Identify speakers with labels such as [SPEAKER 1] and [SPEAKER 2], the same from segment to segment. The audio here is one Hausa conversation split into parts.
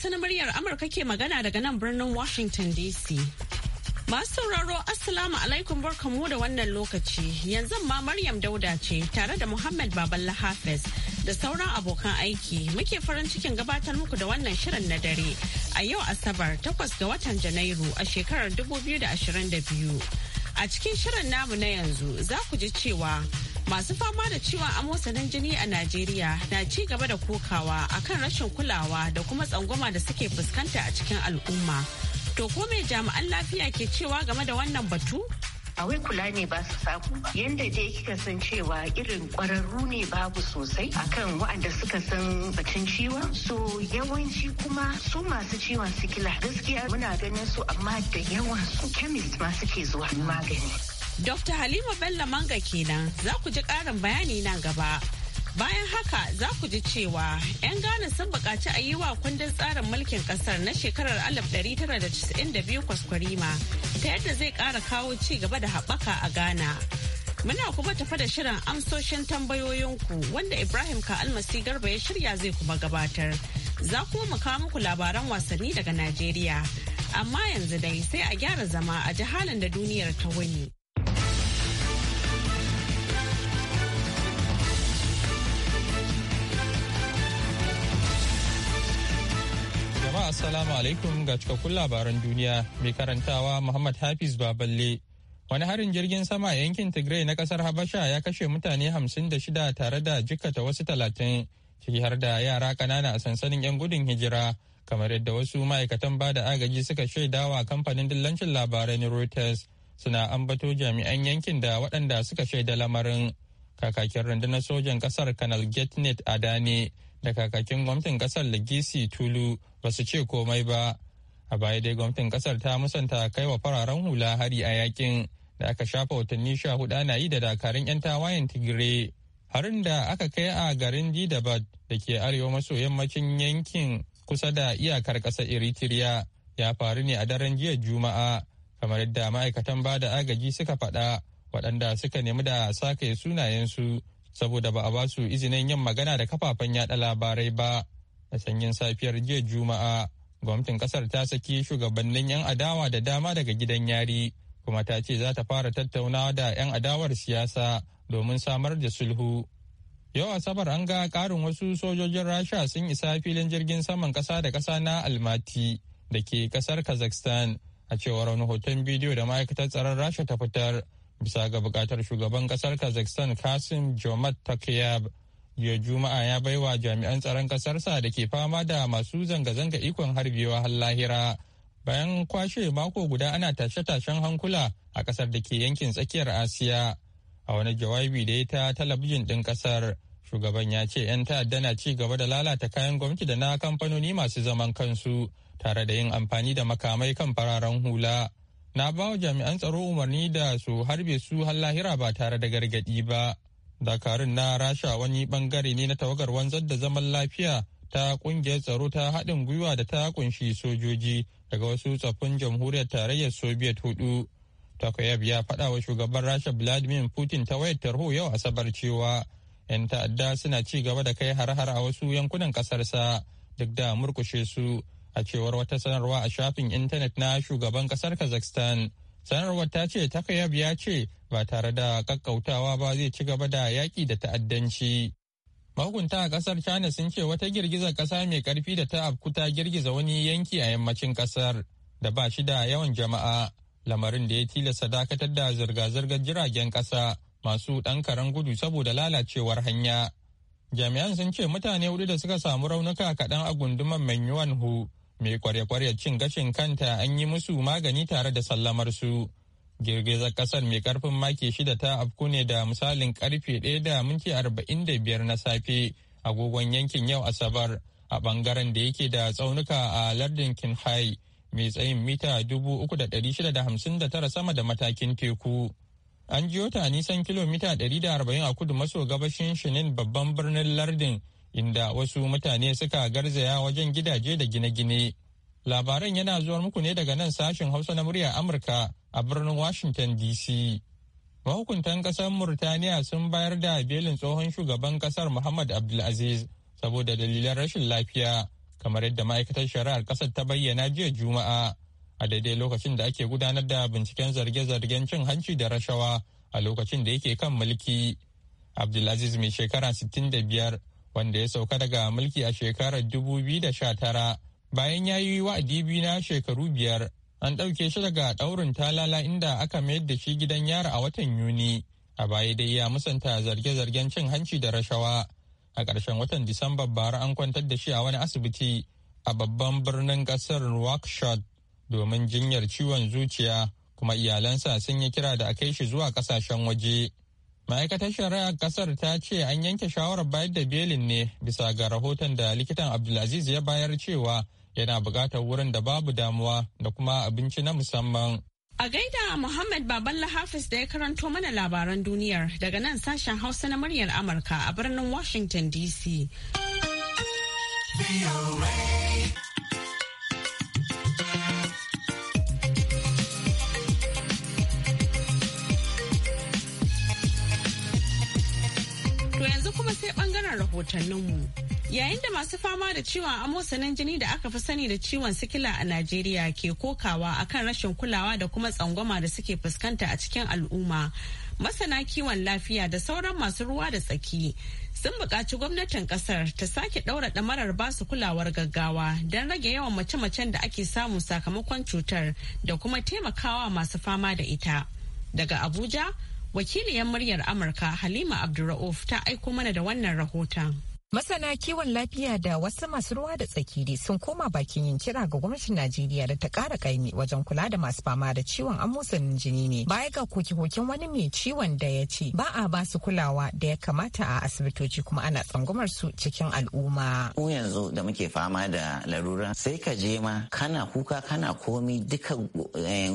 [SPEAKER 1] Hausa na muryar Amurka ke magana daga nan birnin Washington DC. Masu sauraro Assalamu alaikum barkamu da wannan lokaci yanzu ma Maryam Dauda ce tare da Muhammad Baballa Hafiz da sauran abokan aiki muke farin cikin gabatar muku da wannan shirin na dare a yau Asabar takwas ga watan Janairu a shekarar 2022. A cikin shirin namu na yanzu za ku ji cewa Masu fama da ciwon amo sanan jini a Najeriya na ci gaba da kokawa akan rashin kulawa da kuma tsangwama da suke fuskanta a cikin al'umma. To ko me jami'an lafiya ke cewa game da wannan batu? a wai kula ne ba su samu ba yanda dai kika san cewa irin kwararru ne babu sosai akan waɗanda
[SPEAKER 2] suka san batun ciwon so yawanci kuma su masu ciwon sikila gaskiya muna ganin su amma da yawan su chemist ma suke zuwa magani
[SPEAKER 1] Dr. Halima Bello Manga kenan za ku ji ƙarin bayani nan gaba. Bayan haka za ku ji cewa 'yan Ghana sun buƙaci a yi wa kundin tsarin mulkin ƙasar na shekarar 1992 kwaskwarima ta yadda zai ƙara kawo ci gaba da haɓaka a Ghana. Muna kuma tafa da shirin amsoshin tambayoyinku wanda Ibrahim ka Almasi Garba ya shirya zai kuma gabatar. Za kuma mu kawo muku labaran wasanni daga Najeriya. Amma yanzu dai sai a gyara zama a jihalin da duniyar ta wuni.
[SPEAKER 3] Assalamu alaikum ga cikakkun labaran duniya mai karantawa Muhammad Hafiz Baballe. Wani harin jirgin sama a yankin Tigray na kasar Habasha ya kashe mutane hamsin da shida tare da jikkata wasu talatin ciki har da yara kanana a sansanin 'yan gudun hijira kamar yadda wasu ma'aikatan ba da agaji suka shaidawa kamfanin dillancin labarai na Reuters suna ambato jami'an yankin da waɗanda suka shaida lamarin kakakin rundunar sojan ƙasar Kanal a dane da kakakin gwamnatin kasar Legisi Tulu ba su ce komai ba. A baya dai gwamnatin kasar ta musanta kai wa fararen hula hari a yakin da aka shafa watanni sha hudu ana yi da dakarun 'yan tawayen Tigire. Harin da aka kai a garin Didabad da ke arewa maso yammacin yankin kusa da iyakar ƙasar Eritrea ya faru ne a daren jiya Juma'a kamar yadda ma'aikatan ba da agaji suka faɗa waɗanda suka nemi da sake sunayensu saboda ba a ba su izinin yin magana da kafafen yada labarai ba a sanyin safiyar jiya juma'a gwamnatin kasar ta saki shugabannin 'yan adawa da dama daga gidan yari kuma ta ce za ta fara tattaunawa da 'yan adawar siyasa domin samar da sulhu yau asabar an ga karin wasu sojojin rasha sun isa filin jirgin saman kasa da kasa na almati da ke kasar kazakhstan a cewar wani hoton bidiyo da ma'aikatar tsaron rasha ta fitar bisa ga bukatar shugaban kasar kazakhstan kasim jomat takayab jiya juma'a ya baiwa jami'an tsaron kasarsa da ke fama da masu zanga-zanga ikon harbewa har lahira bayan kwashe mako guda ana tashe-tashen hankula a kasar da ke yankin tsakiyar asiya a wani jawabi da ya ta talabijin ɗin kasar shugaban ya ce 'yan ta'adda na ci gaba da lalata kayan gwamnati da na kamfanoni masu zaman kansu tare da yin amfani da makamai kan fararen hula na ba wa jami'an tsaro umarni da su harbe su har lahira ba tare da gargaɗi ba. Dakarun na Rasha wani bangare ne na tawagar wanzar da zaman lafiya ta kungiyar tsaro ta haɗin gwiwa da ta kunshi sojoji daga wasu tsaffin jamhuriyar tarayyar Soviet hudu. Takoyev ya faɗa wa shugaban Rasha Vladimir Putin ta wayar tarho yau Asabar cewa 'yan ta'adda suna ci gaba da kai har-har a wasu yankunan ƙasarsa duk da murkushe su a cewar wata sanarwa a shafin intanet na shugaban kasar kazakhstan sanarwar ta ce takayab ya ce ba tare da kakkautawa ba zai ci gaba da yaƙi da ta'addanci mahukunta a kasar china sun ce wata girgizar ƙasa mai karfi da ta afku ta girgiza wani yanki a yammacin ƙasar da ba shi da yawan jama'a lamarin da ya tilasta dakatar da zirga-zirgar jiragen ƙasa masu ɗan karen gudu saboda lalacewar hanya jami'an sun ce mutane hudu da suka samu raunuka kaɗan a gunduman manyuwan hu mai kwarya-kwarya cin gashin kanta an yi musu magani tare da sallamar su girgizar kasar mai karfin maki shida ta afku ne da misalin karfe ɗaya da minti arba'in da biyar na safe agogon yankin yau asabar a bangaren da yake da tsaunuka a lardin kinhai mai tsayin mita dubu uku da ɗari shida da hamsin da tara sama da matakin teku an jiyo ta nisan kilomita ɗari da arba'in a kudu maso gabashin shinin babban birnin lardin inda wasu mutane suka garzaya wajen gidaje da gine-gine. Labaran yana zuwa muku ne daga nan sashen Hausa na murya Amurka a birnin Washington DC. Mahukuntan ƙasar Murtaniya sun bayar da belin tsohon shugaban ƙasar Muhammad Abdulaziz saboda dalilan rashin lafiya, kamar yadda ma'aikatar shari'ar ƙasar ta bayyana jiya Juma'a. A daidai lokacin da ake gudanar da binciken zarge-zargen cin hanci da rashawa a lokacin da yake kan mulki. Abdulaziz mai shekara 65 wanda ya sauka daga mulki a shekarar 2019 bayan ya yi wa'adi biyu na shekaru biyar an ɗauke shi daga ɗaurin talala inda aka mayar da shi gidan yara a watan yuni a baya dai ya musanta zarge-zargen cin hanci da rashawa a ƙarshen watan disamba bara an kwantar da shi a wani asibiti a babban birnin ƙasar nouakchott domin jinyar ciwon zuciya kuma iyalansa sun yi kira da a kai shi zuwa ƙasashen waje ma'aikatar shari'ar kasar ta ce an yanke shawarar bayar da belin ne bisa ga rahoton da likitan abdulaziz ya bayar cewa yana bukatar wurin da babu damuwa da kuma abinci na musamman
[SPEAKER 1] A gaida Muhammad Baballa Hafiz da ya karanto mana labaran duniyar daga nan sashen Hausa na muryar Amurka a birnin Washington DC. yanzu kuma sai bangaren rahotanninmu. Yayin da masu fama da ciwon amosanin jini da aka fi sani da ciwon sikila a Najeriya ke kokawa akan rashin kulawa da kuma tsangwama da suke fuskanta a cikin al'umma. Masana kiwon lafiya da sauran masu ruwa da tsaki sun buƙaci gwamnatin ƙasar ta sake ɗaura ɗamarar basu kulawar gaggawa don rage yawan mace-macen da ake samu sakamakon cutar da kuma taimakawa masu fama da ita. Daga Abuja, wakiliyar muryar amurka halima abdulra'uf ta aiko mana da wannan rahoton Masana kiwon
[SPEAKER 4] lafiya da wasu masu ruwa da tsakiri sun koma bakin yin kira ga gwamnatin Najeriya da ta ƙara ƙaimi wajen kula da masu fama da ciwon amusan jini ne. Baya ga koke-koken wani mai ciwon da ya ce ba a basu kulawa da ya kamata a asibitoci kuma ana tsangwamar su cikin al'umma.
[SPEAKER 5] Ko yanzu da muke fama da larura sai ka je ma kana kuka kana komi duka eh,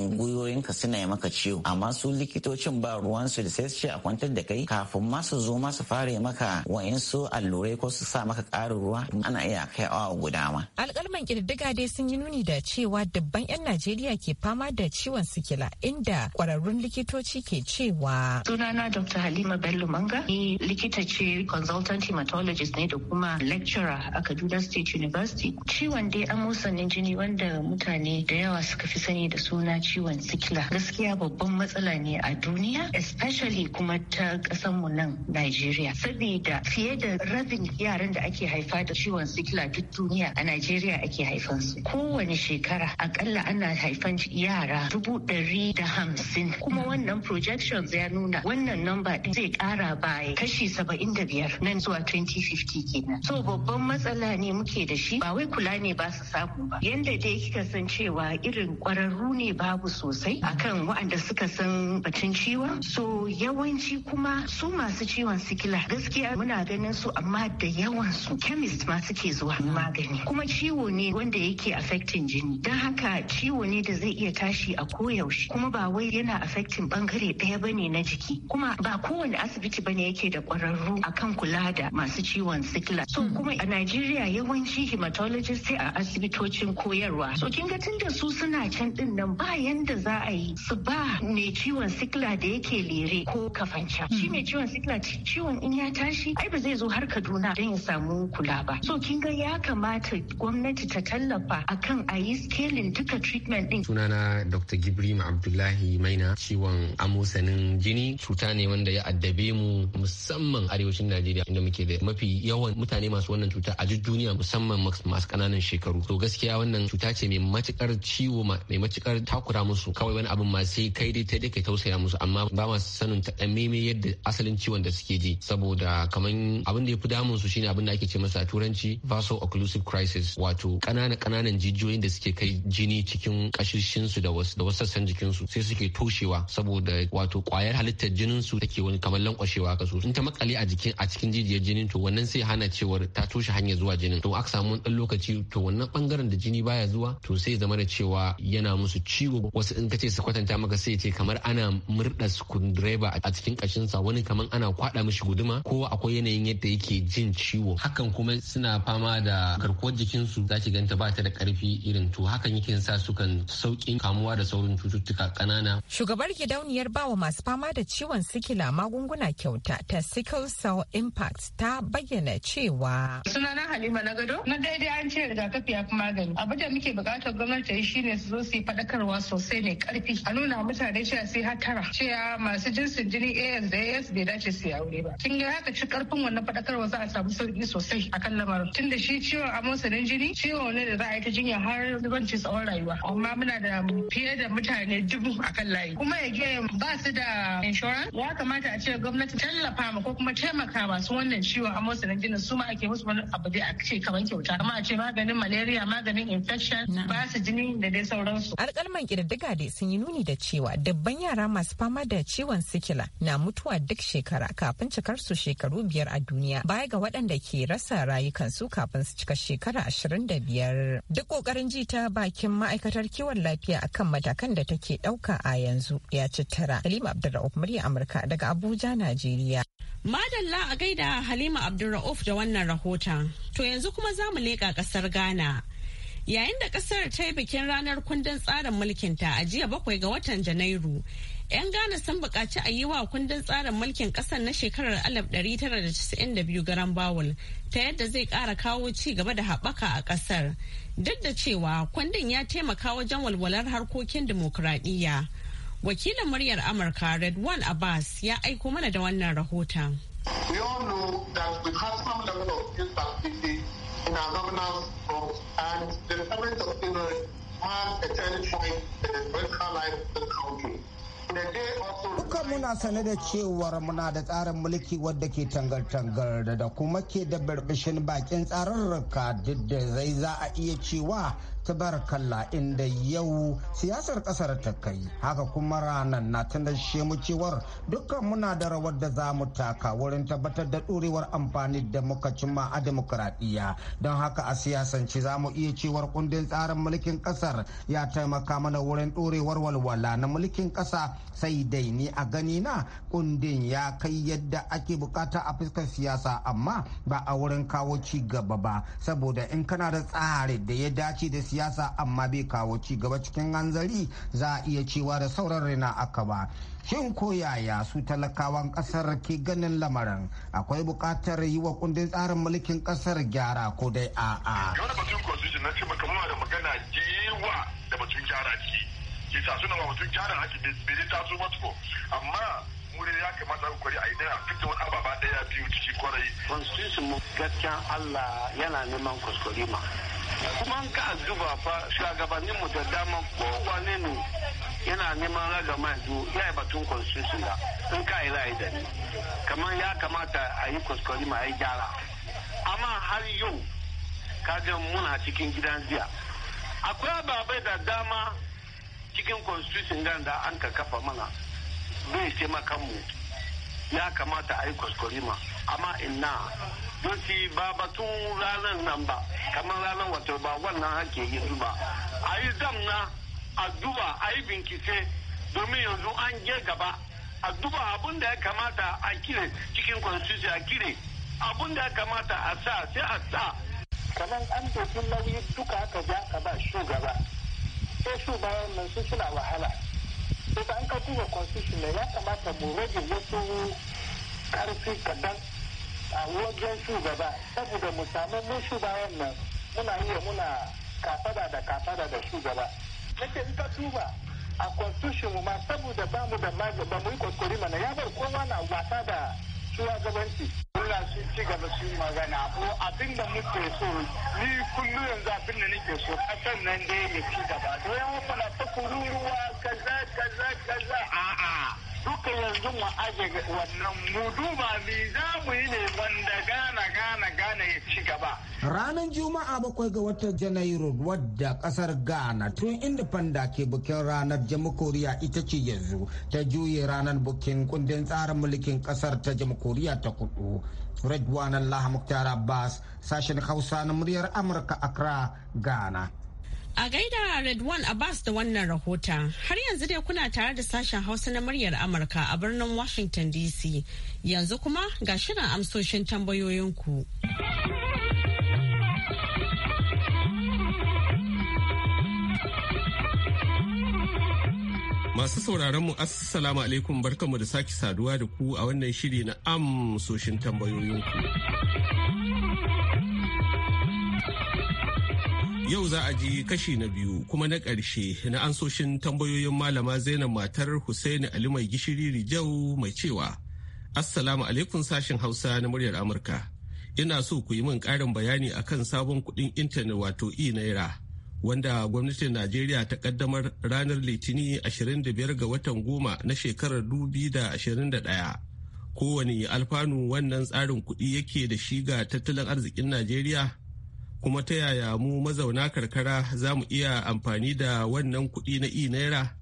[SPEAKER 5] ka suna yi maka ciwo amma su likitocin ba ruwansu da sai su ce a kwantar da kai kafin ma su zo ma su fara maka wa'insu allurai ko su sa maka ƙarin ruwa ana iya kai awa guda ma.
[SPEAKER 4] Alƙalman ƙididdiga dai sun yi nuni da cewa dabban 'yan Najeriya ke fama da ciwon sikila inda ƙwararrun likitoci ke cewa.
[SPEAKER 2] Sunana Dr. Halima Bello Manga ni likita ce consultant hematologist ne da kuma lecturer a Kaduna State University. Ciwon dai amosanin jini wanda mutane da yawa suka fi sani da suna ciwon sikila gaskiya babban matsala ne a duniya especially kuma ta mu nan Najeriya. Saboda fiye da rabin yaran da ake haifa da ciwon sikila duk duniya a Najeriya ake haifan su. Kowane shekara akalla ana haifan yara dubu ɗari da hamsin. Kuma wannan projections ya nuna wannan namba ɗin zai ƙara baya kashi saba'in da biyar nan zuwa 2050 kenan. So babban matsala ne muke da shi ba wai kula ne ba su samu ba. Yanda dai kika san cewa irin ƙwararru ne babu sosai akan waɗanda suka san batun ciwon. So yawanci kuma su masu ciwon sikila gaskiya muna ganin su amma da da yawa su chemist ma suke zuwa magani kuma ciwo ne wanda yake affecting jini don haka ciwo ne da zai iya tashi a koyaushe kuma ba wai yana affecting bangare ɗaya bane na jiki kuma ba kowane asibiti bane yake da kwararru akan kula da masu ciwon sikila so hmm. kuma a Najeriya yawanci hematologist sai a asibitocin koyarwa so kin ga tunda su suna can din nan ba yanda za a yi su ba ne ciwon sikila da yake lere ko kafanca shi hmm. mai ciwon sikila ciwon in ya tashi ai ba zai zo har Kaduna don ya samu kula ba so kin ga ya kamata gwamnati ta tallafa akan a yi scaling duka treatment
[SPEAKER 6] din sunana dr Gibrim abdullahi maina ciwon amosanin jini cuta ne wanda ya addabe mu musamman arewacin najeriya inda muke da mafi yawan mutane masu wannan cuta a duk duniya musamman masu kananan shekaru to gaskiya wannan cuta ce mai matukar ciwo mai matukar takura musu kawai wani abin ma sai kai dai ta da ke tausaya musu amma ba ma sanin ta yadda asalin ciwon da suke ji saboda kamar abin da ya fi damun su shine abin da ake ce masa a turanci vaso occlusive crisis wato ƙananan ƙananan jijiyoyin da suke kai jini cikin kashishin su da wasu sassan jikin su sai suke toshewa saboda wato kwayar halittar jinin su take wani kamar lankwashewa ka so in ta makale a jikin a cikin jijiyar jinin to wannan sai hana cewar ta toshe hanyar zuwa jinin to aka samu dan lokaci to wannan bangaren da jini baya zuwa to sai zama da cewa yana musu ciwo wasu in ka ce su kwatanta maka sai ce kamar ana murda screwdriver a cikin kashin sa wani kamar ana kwada mishi guduma ko akwai yanayin yadda yake jin yin ciwo hakan kuma suna fama da garkuwar jikinsu za ki ganta ba ta da karfi irin to hakan yake sa sukan saukin kamuwa da saurin cututtuka kanana.
[SPEAKER 4] Shugabar gidauniyar bawa masu fama da ciwon sikila magunguna kyauta ta sickle cell impact ta bayyana cewa. Sunana
[SPEAKER 2] Halima na gado na
[SPEAKER 4] daidai an ce rigakafi ya fi magani. Abu da muke bukatar gwamnati ta yi shine su zo su yi
[SPEAKER 2] faɗakarwa sosai ne karfi. A nuna mutane cewa sai har tara. Cewa masu jinsin jini AS da AS bai dace su yi aure ba. Kin ga haka ci karfin wannan faɗakarwa za a samu sauki sosai a kan lamarin tun da shi ciwon amon sanin jini ciwo ne da za a yi ta jinya har zubanci tsawon rayuwa amma muna da fiye da mutane dubu a kan layi kuma ya ba su da insurance ya kamata a ce gwamnati tallafa ma ko kuma taimaka masu wannan ciwon amon sanin jini su ma ake musu wani abu da a ce kamar kyauta amma a ce maganin malaria maganin infection ba su jini da dai sauransu
[SPEAKER 4] alƙalman kididdiga dai sun yi nuni da cewa dabban yara masu fama da ciwon sikila na mutuwa duk shekara kafin cikar su shekaru biyar a duniya baya ga waɗanda ke rasa rayukansu kafin su cika shekara 25. Duk ƙoƙarin ji ta bakin ma'aikatar kiwon lafiya akan matakan da take ɗauka a yanzu ya ci tara. Halima Abdulra'uf murya Amurka daga Abuja, Najeriya.
[SPEAKER 1] Madalla a gaida Halima Abdulra'uf da wannan rahoton. To yanzu kuma za mu leƙa ƙasar Ghana. Yayin da kasar ta yi bikin ranar kundin tsarin mulkinta a jiya bakwai ga watan Janairu, 'yan Ghana sun buƙaci a yi wa kundin tsarin mulkin ƙasar na shekarar 1992 garan bawul ta yadda zai ƙara kawo ci gaba da haɓaka a ƙasar. Duk da cewa kundin ya taimaka wajen walwalar harkokin dimokuraɗiyya. Wakilin muryar Amurka red one Abbas ya aiko mana da wannan rahoton.
[SPEAKER 7] our governance books,
[SPEAKER 8] and the Department of Innovation has a turning point in the political life of the
[SPEAKER 9] country. Duka muna sane da cewar muna da tsarin mulki wadda ke tangar-tangar da kuma ke da birbishin bakin tsararraka duk da zai za a iya cewa tabarakallah inda yau siyasar kasar ta kai haka kuma ranar na tunashe mu cewar dukkan muna da rawar da za mu taka wurin tabbatar da ɗorewar amfani da muka cimma a demokradiyya don haka a siyasance za mu iya cewar kundin tsarin mulkin kasar ya taimaka mana wurin ɗorewar walwala na mulkin kasa sai dai ni a gani na kundin ya kai yadda ake bukata a fuskar siyasa amma ba a wurin kawo ci gaba ba saboda in kana da tsari da ya dace da siyasa siyasa amma bai kawo ci gaba cikin hanzari za a iya cewa da sauran rina aka ba shin ko yaya su talakawan kasar ke ganin lamarin akwai buƙatar yi wa kundin tsarin mulkin kasar gyara ko dai a'a. Kawai batun constitution na ce maka
[SPEAKER 1] da magana jewa da
[SPEAKER 7] batun gyara ce. Ke sa suna batun gyara haki bai ta zo amma mu ya kamata ku kwari a idan a fito wani ababa daya biyu ciki kwarai constitution mu gaskiya Allah yana neman kuskure ma kuma ka zuba fa shugabannin mu da dama kowane ne yana neman raga yanzu ya yi batun constitution da in ka yi ra'ayi da ni kamar ya kamata a yi kuskure ma a yi gyara amma har yau kajan muna cikin gidan jiya akwai ababai da dama cikin constitution ganda an ka kafa mana zai sai mu ya kamata a yi ma amma ina don shi ba batun ranar nan ba kamar ranar wato ba wannan hake yi ba a yi zamna a duba a yi binkise domin yanzu an je gaba a duba abin da ya kamata a kire cikin constitution a kire abin da ya kamata a sa sai a sa kamar an dokin nauyi duka aka ja ka ba shugaba sai shugaban nan su suna wahala Kusa an ka duba constitution ne ya kamata mu rage wasu karfi kadan
[SPEAKER 8] a wajen
[SPEAKER 7] shugaba saboda mu samu mu shugaban nan muna iya muna kafada da kafada da shugaba. Nake in ka duba a constitution mu ma saboda ba mu da ba mu yi kokori mana ya bar kowa na wasa da shugabanci. Allah su ci gaba su magana ko abin da muke so ni kullu yanzu abin da nake so kasar nan dai ya ci gaba to yawan muna ta kururuwa kaza kaza kaza a'a duka yanzu mu aje wannan mu duba me za mu yi ne wanda gana gana gana ya ci gaba.
[SPEAKER 9] Ranar Juma'a bakwai ga watan Janairu wadda kasar Ghana tun inda fanda ke bukin ranar jamhuriya ita ce yanzu ta juye ranar bukin kundin tsarin mulkin kasar ta jamhuriya ta kudu. Redwan Allah Muktar Abbas sashen Hausa na muryar Amurka Accra, Ghana.
[SPEAKER 1] A gaida a Abbas da wannan rahoton har yanzu dai kuna tare da sashen Hausa na muryar Amurka a birnin Washington DC. Yanzu kuma ga shirin amsoshin tambayoyinku.
[SPEAKER 10] Masu sauraronmu mu Assalamu alaikum barkanmu da sake saduwa da ku a wannan shiri na amsoshin tambayoyinku. Yau za a ji kashi na biyu kuma na ƙarshe na ansoshin tambayoyin malama Zainab matar Hussaini Ali mai gishiri Rijau mai cewa Assalamu alaikum sashin Hausa na muryar Amurka. Ina so ku yi min ƙarin bayani akan sabon kuɗin intanet wato e naira wanda gwamnatin Najeriya ta ƙaddamar ranar Litini 25 ga watan goma na shekarar 2021. Kowane alfanu wannan tsarin kuɗi yake da shiga tattalin arzikin Najeriya? kuma ta yaya mu mazauna karkara za mu iya amfani da wannan kuɗi na i naira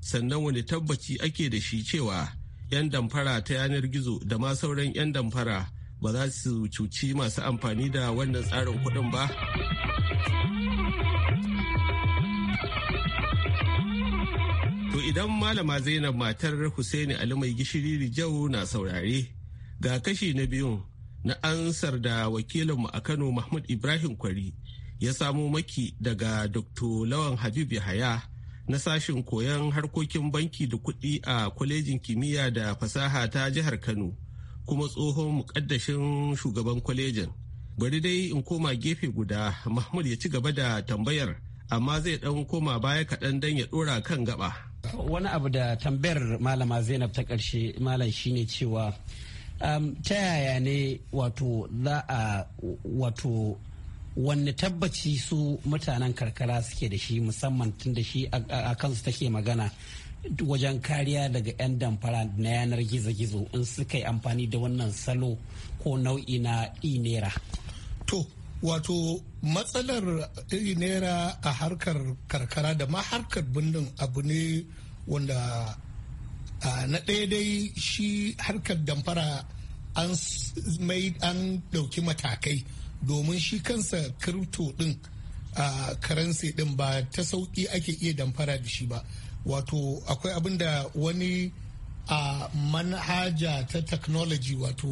[SPEAKER 10] sannan wani tabbaci ake da shi cewa 'yan damfara ta yanar gizo da ma sauran 'yan damfara ba za su cuci masu amfani da wannan tsarin kuɗin ba to idan malama zainab matar husaini ali mai gishiri rijau na saurare ga kashi na biyun na ansar da wakilinmu a Kano Mahmud Ibrahim Kwari ya samo maki daga Dr. Lawan Habib Yahaya na sashin koyon harkokin banki da kuɗi a kwalejin kimiyya da fasaha ta jihar Kano kuma tsohon muƙaddashin shugaban kwalejin. Bari dai in koma gefe guda Mahmud ya ci gaba da tambayar amma zai ɗan koma baya kaɗan don ya ɗora kan gaba.
[SPEAKER 11] Wani abu da tambayar malama Zainab ta ƙarshe malam shine cewa Um, ta yaya ne wato za a wato wanne tabbaci su mutanen karkara suke da shi musamman tun da shi a kansu take magana wajen kariya daga 'yan damfara na yanar gizo-gizo in suka yi amfani da wannan salo ko nau'i na inera to
[SPEAKER 8] wato matsalar inera a harkar karkara da ma harkar birnin abu ne wanda na ɗaya dai shi harkar damfara an mai an ɗauki matakai domin shi kansa kirto ɗin a karansi ɗin ba ta sauƙi ake iya damfara da shi ba wato akwai abin da wani a manhaja ta technology wato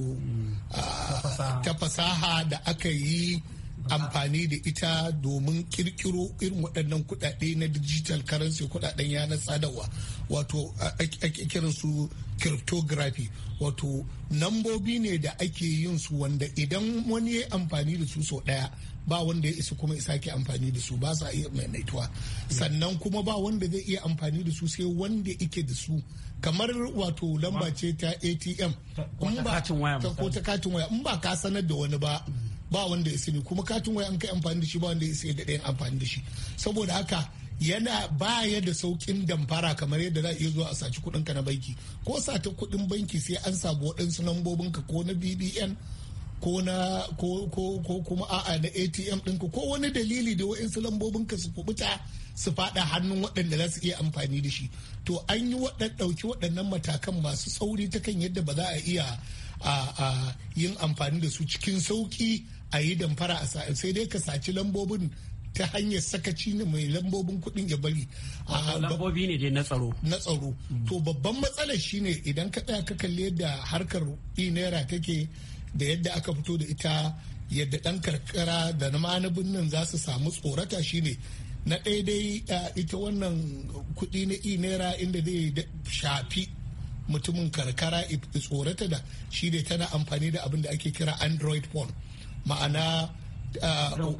[SPEAKER 8] ta fasaha da aka yi amfani da ita domin kirkiro irin waɗannan kuɗaɗe na digital currency kuɗaɗen yanar sadarwa wato ake kiran su cryptography wato nambobi ne da ake yin su wanda idan wani ya amfani da su sau ɗaya ba wanda ya isa kuma isa ke amfani da su ba sa iya maimaituwa sannan kuma ba wanda zai iya amfani da su sai wanda ike da su kamar wato lamba ce ta atm ko ta katin waya in ba ka sanar da wani ba ba wanda ya sani kuma katin waya an kai amfani da shi ba wanda ya sai da ɗayan amfani da shi saboda haka yana baya da saukin damfara kamar yadda za a iya zuwa a saci kuɗinka na banki ko sata kuɗin banki sai an samu waɗansu lambobinka ko na bbn ko na ko ko ko kuma a'a na atm ɗinka ko wani dalili da waɗansu lambobinka su kubuta su faɗa hannun waɗanda za su iya amfani da shi to an yi waɗan ɗauki waɗannan matakan masu tsauri ta kan yadda ba za a iya yin amfani da su cikin sauki a yi damfara a sai dai ka saci lambobin ta hanyar sakaci ne mai lambobin kuɗin ya bari. Ah, lambobi ne dai na tsaro. Na tsaro. Hmm. To babban matsalar shine idan ka tsaya ka kalli yadda harkar e naira take da yadda aka fito da ita yadda ɗan karkara da na manubin nan za su samu tsorata shine na daidai ita wannan kuɗi na e naira inda zai shafi mutumin karkara tsorata da shi tana amfani da abin da ake kira android phone. ma'ana uh,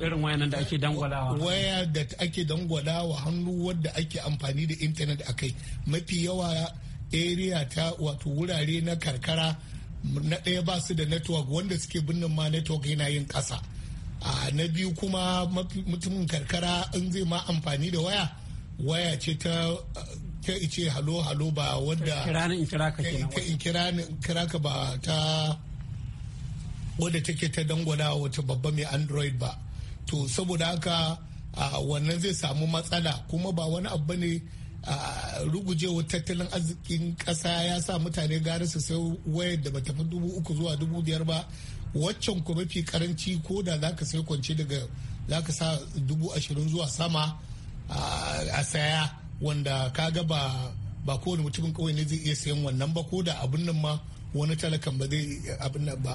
[SPEAKER 8] waya da ake dangwada wa hannu wadda ake amfani da intanet a kai mafi yawa area ta wato wurare na karkara na ɗaya ba su da network wanda suke binnin ma network yana yin ƙasa na biyu kuma mutumin karkara in zai ma amfani da waya waya ce ta ta ice halo halo ba wadda ta in kira ka ba ta wadda take ta dangwala wata babba mai android ba to saboda haka wannan zai samu matsala kuma ba wani abu ne rugujewa tattalin arzikin kasa ya sa mutane gari su sai wayar da bata fi dubu uku zuwa dubu biyar ba waccan ku mafi karanci ko da za ka sai kwance daga za ka sa dubu ashirin zuwa sama a saya wanda ka ga ba kowane mutumin kawai ne zai iya sayan wannan ba ko da abin nan ma wani talakan ba zai abin nan ba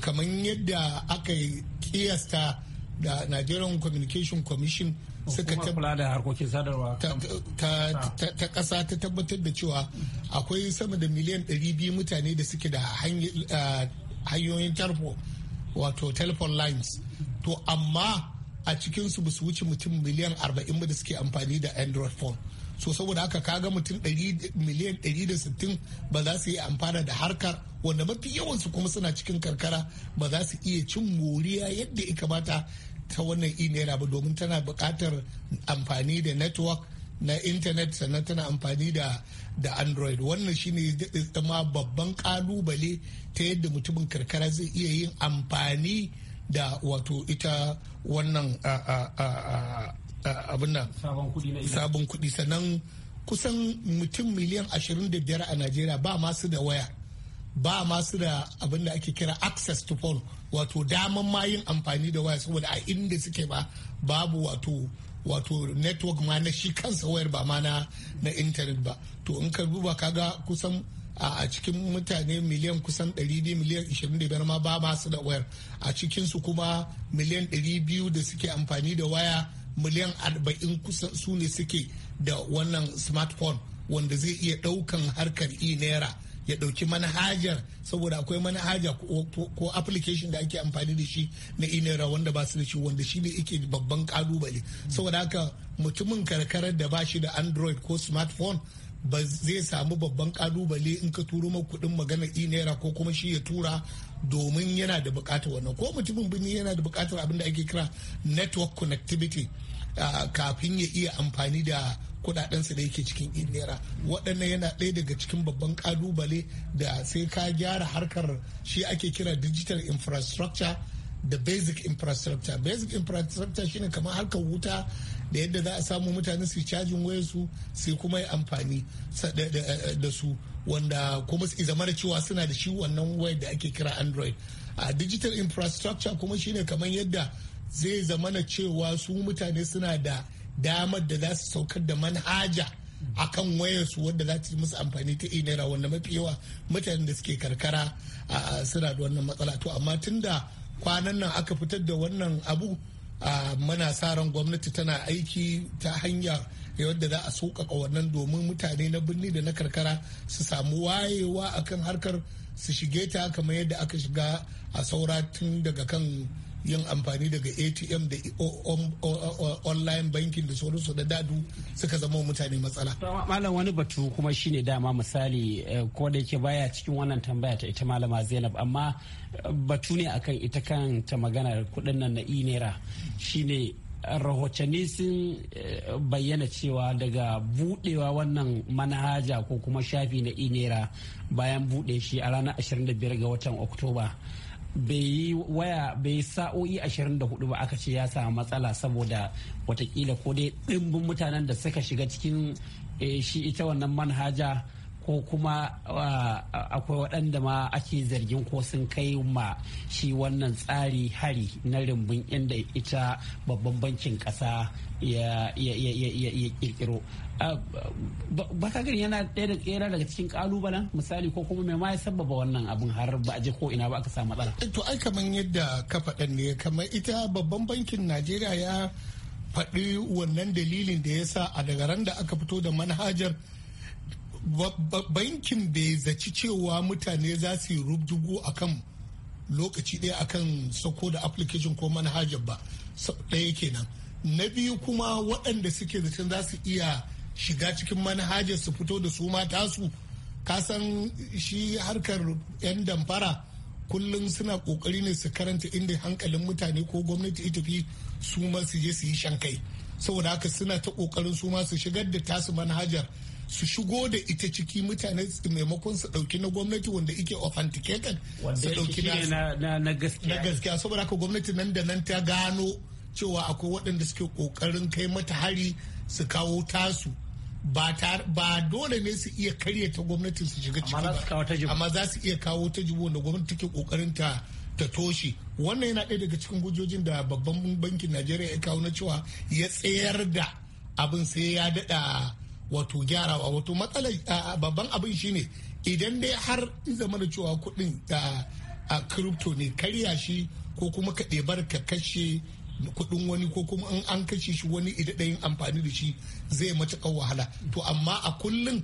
[SPEAKER 8] kamar yadda aka kiyasta da nigerian communication commission suka kula da harkokin sadarwa ta kasa ta tabbatar da cewa akwai sama da miliyan 200 mutane da suke da hanyoyin tarfo wato telephone lines to amma a cikinsu ba su wuce mutum miliyan 40 da suke amfani da android phone so saboda haka kaga mutum miliyan 160 ba za su yi amfana da harkar wanda mafi yawansu kuma suna cikin karkara ba za su iya cin moriya yadda ya kamata ta wannan inera ba domin tana buƙatar amfani da network na intanet sannan tana amfani da da android wannan shine zama babban kalubale ta yadda mutumin karkara zai iya yin amfani da wato ita wannan abin nan sabon kuɗi sannan kusan mutum miliyan 25 a najeriya ba masu da waya ba masu da abin da ake kira access to phone wato daman ma yin amfani da waya saboda a inda suke ba babu wato wato network ma na shi kansa wayar ba ma na na intanet ba to in ka duba kaga kusan a cikin mutane miliyan kusan 100 miliyan 25 ma ba masu da wayar a cikinsu kuma miliyan 200 da suke amfani da waya miliyan arba'in kusan su ne suke da wannan smartphone wanda zai iya ɗaukan harkar e-naira ya ɗauki manhajar saboda akwai manhaja ko application da ake amfani da shi na inera wanda ba su da shi wanda shi ne ike babban kalubale saboda haka mutumin karkarar da ba shi da android ko smartphone ba zai samu babban kalubale in ka turo ma kuɗin magana i naira ko kuma shi ya tura domin yana da bukatar wannan ko mutumin birni yana da bukatar abin da ake kira network connectivity kafin ya iya amfani da kudadensa da yake cikin i naira waɗannan yana ɗaya daga cikin babban kalubale da sai ka gyara harkar shi ake kira digital infrastructure da basic infrastructure basic infrastructure shine kamar harkar wuta da yadda za a samu mutane su cajin wayarsu su kuma yi amfani da su wanda kuma su zama da cewa suna da shi wannan wayar da ake kira android a digital infrastructure kuma shine kamar yadda zai zama na cewa su mutane suna da damar da za su saukar da manhaja a kan wayarsu wadda za ta yi musu amfani ta inera wanda mafi yawa mutanen da suke karkara suna da wannan matsala to amma tun da kwanan nan aka fitar da wannan abu mana sa ran gwamnati tana aiki ta hanya yadda za a sauƙaƙa wannan domin mutane na birni da na karkara su samu wayewa akan harkar su shige ta kamar yadda aka shiga a saura tun daga kan yin amfani daga atm da online banking da sauransu da dadu suka zama mutane matsala
[SPEAKER 11] malam wani batu kuma shine dama misali eh, ko da yake baya cikin wannan tambaya ta ita malama zainab amma eh, batu ne akan ita kan ta maganar kudin nan na inera shine eh, rahotanni sun bayyana cewa daga budewa wannan manhaja ko kuma shafi na inera bayan bude shi a ranar 25 ga watan oktoba bai yi waya bai sa'o'i 24 ba aka ce ya samu matsala saboda watakila ko dai ɗimbin mutanen da suka shiga cikin eh, shi ita wannan manhaja ko kuma akwai waɗanda ma ake zargin ko sun kai ma shi wannan tsari hari na rumbun inda ita babban bankin ƙasa ya kirkiro baka gani yana ɗaya daga cikin ƙalubalen misali ko kuma mai ma ya sababa wannan abin
[SPEAKER 8] har ba a ko ina ba aka samu matsala eh, to ai kamar yadda ka faɗan ne kamar ita babban bankin najeriya ya faɗi wannan dalilin da ya sa a daga ran da aka fito da manhajar bankin bai zaci cewa mutane za su yi rubdugu kan lokaci ɗaya akan sako da application ko manhajar ba ɗaya kenan na biyu kuma waɗanda suke zaton za su iya shiga cikin manhajar su fito da su ma tasu kasan shi harkar 'yan damfara kullum suna kokari ne su karanta inda hankalin mutane ko gwamnati ita fi su ma su je su yi shankai kai saboda haka suna ta ƙoƙarin su ma su shigar da tasu manhajar su shigo da ita ciki mutane su maimakon su dauki na gwamnati wanda ike authenticated su dauki na gaskiya saboda haka gwamnati nan da nan ta gano cewa akwai waɗanda suke kokarin kai mata hari su kawo tasu ba dole ne su iya karya ta gwamnatin su shiga ciki ba amma za su iya kawo ta jibo wanda gwamnati take kokarin ta ta toshe wannan yana ɗaya daga cikin gujojin da babban bankin najeriya ya kawo na cewa ya tsayar da abin sai ya daɗa wato gyarawa wato matsalar babban abin shine idan dai har zama da cewa kuɗin a crypto ne karya shi ko kuma ka ɗebar ka kashe kuɗin wani ko kuma in an kashe shi wani idan amfani da shi zai matuƙar wahala to amma a kullum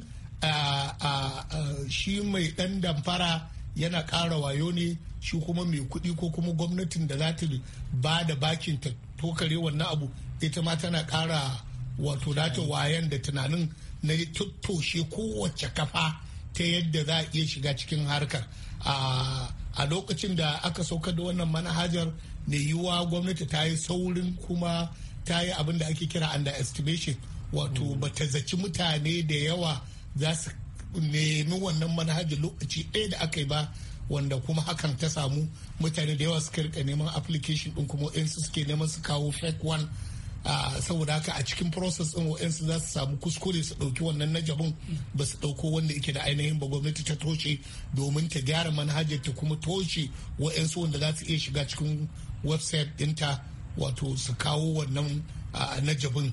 [SPEAKER 8] shi mai ɗan damfara yana ƙara wayo ne shi kuma mai kuɗi ko kuma gwamnatin da za ta ba da bakin ta tokare wannan abu ita ma tana ƙara wato dace wayan da tunanin na toshe kowace kafa ta yadda za a iya shiga cikin harkar a lokacin da aka saukar da wannan manhajar ne yiwuwa gwamnati ta yi saurin kuma ta yi abin da ake kira underestimation wato hmm. ba ta zaci mutane da yawa za su nemi wannan manhajar lokaci ɗaya da aka yi ba wanda kuma hakan ta samu mutane da yawa suka rika neman application ɗin kuma in suke neman su kawo fake one saboda haka a cikin process din su za su samu kuskure su ɗauki wannan najabin ba su dauko wanda yake da ainihin ba gwamnati ta toshe domin ta gyara manhajar ta kuma toshe su wanda za su iya shiga cikin website dinta wato su kawo wannan najabin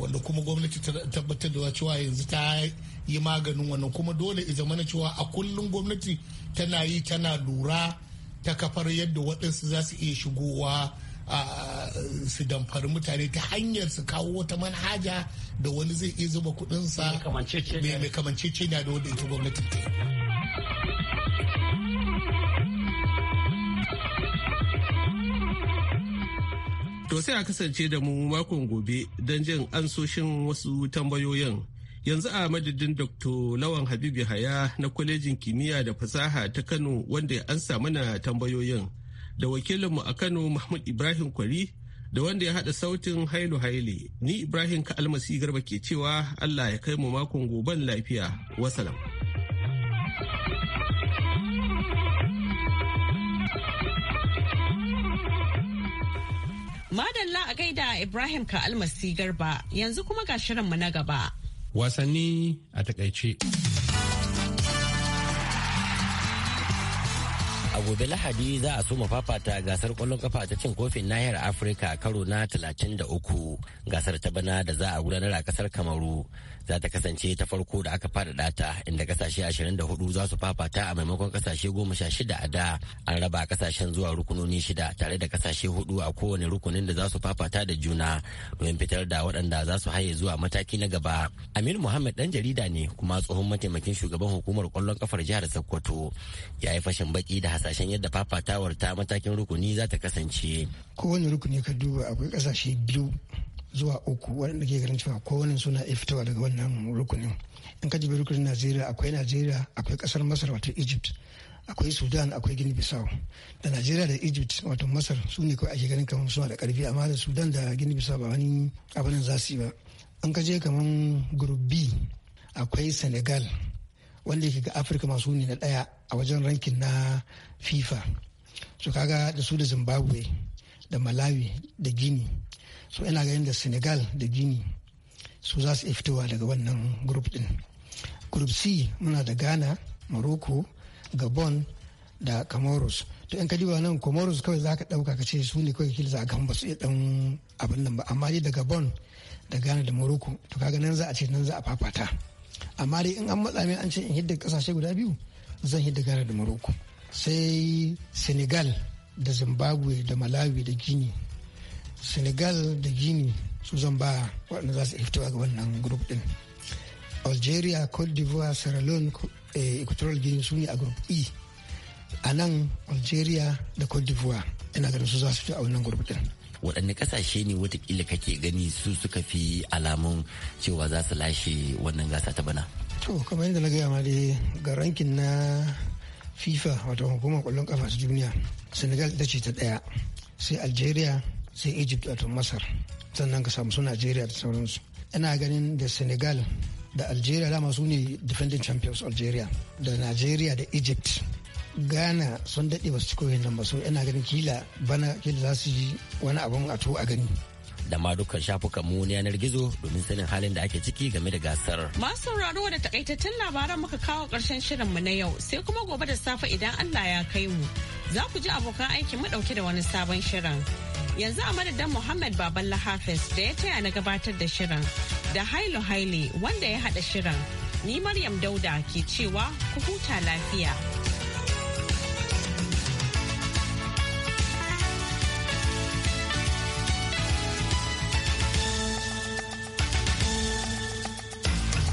[SPEAKER 8] wanda kuma gwamnati ta tabbatar da cewa yanzu ta yi maganin wannan kuma dole i zamana cewa a kullum gwamnati tana yi tana lura ta kafar yadda waɗansu za su iya shigowa su damfari mutane ta hanyar su kawo wata manhaja da wani zai iya zuba kudinsa mai kamanceceniya da wanda ita gwamnati ta yi
[SPEAKER 10] To sai a kasance da mu makon gobe don jin ansoshin wasu tambayoyin. Yanzu a madadin Dr. Lawan Habibu Haya na kwalejin kimiyya da fasaha ta Kano wanda an samu na tambayoyin. da wakilinmu a Kano Mahmud Ibrahim Kwari da wanda ya haɗa sautin hailu haile ni Ibrahim ka Almasi Garba ke cewa Allah ya kai mu makon goben lafiya wasalam.
[SPEAKER 1] Madalla a gaida Ibrahim ka Almasi Garba yanzu kuma ga shirinmu na gaba.
[SPEAKER 3] Wasanni a takaice.
[SPEAKER 5] gobe lahadi za a soma fafata gasar kwallon kafa ta cin kofin nahiyar afirka karo na 33 gasar ta bana da za a gudanar a kasar kamaru za ta kasance ta farko da aka faɗaɗa ta inda kasashe 24 za su fafata a maimakon kasashe 16 a da an raba kasashen zuwa rukunoni shida tare da kasashe hudu a kowane rukunin da za su fafata da juna domin fitar da waɗanda za su haye zuwa mataki na gaba aminu muhammad dan jarida ne kuma tsohon mataimakin shugaban hukumar kwallon kafar jihar sokoto ya yi fashin baki da hasashen yadda fafatawar ta matakin rukuni za ta kasance
[SPEAKER 12] kowane rukuni ka duba akwai kasashe biyu zuwa uku waɗanda ke ganin cewa kowane suna iya fitowa daga wannan rukunin in ka jibi rukunin najeriya akwai najeriya akwai kasar masar wato egypt akwai sudan akwai gini bissau da najeriya da egypt wato masar su ne kawai ake ganin kamar suna da ƙarfi amma da sudan da gini bissau ba wani abin za su yi ba an ka je kamar group b akwai senegal wanda yake ga afirka masu ne na ɗaya a wajen rankin na fifa su kaga da su da zimbabwe da malawi da gini so ina ganin da senegal da gini su za su iya fitowa daga wannan group din group c muna da ghana morocco gabon da comoros to in ka diba nan comoros kawai za ka ɗauka ka ce su ne kawai kila za kan ba su iya ɗan abin nan ba amma dai da gabon da ghana da morocco to kaga nan za a ce nan za a fafata amma dai in an matsa mai an ce in hidda kasashe guda biyu zan hidda ghana da morocco sai senegal da zimbabwe da malawi da guinea senegal da gini su zan ba waɗanda za su fitowa ga wannan group din algeria cote d'ivoire sierra leone eh, equatorial guinea su ne a group e a nan algeria da cote d'ivoire ina ganin su za su fito a wannan group din
[SPEAKER 5] waɗanne ƙasashe ne watakila kake gani su suka fi alamun cewa za su lashe wannan gasa ta bana
[SPEAKER 12] to kamar yadda na gaya ma dai ga rankin na fifa wato hukumar ƙwallon ƙafa ta duniya senegal ita ce ta ɗaya sai algeria sai egypt wato masar sannan ka samu su nigeria da sauransu ina ganin da senegal da algeria dama su ne defending champions algeria da nigeria da egypt ghana sun daɗe ba su ci koyin nan ba so ina ganin kila bana kila za su yi wani abun a to a gani
[SPEAKER 5] da ma dukkan shafukan mu na yanar gizo domin sanin halin da ake ciki game da gasar.
[SPEAKER 1] Masu sauraro da takaitattun labaran muka kawo karshen shirin mu na yau sai kuma gobe da safe idan Allah ya kai mu. za ku ji abokan aikin mu dauke da wani sabon shirin. Yanzu a madadin Muhammad Baballa Hafiz da ya taya na gabatar da shirin da Hailu Haile wanda ya haɗa shirin. Ni Maryam Dauda ke cewa ku huta lafiya.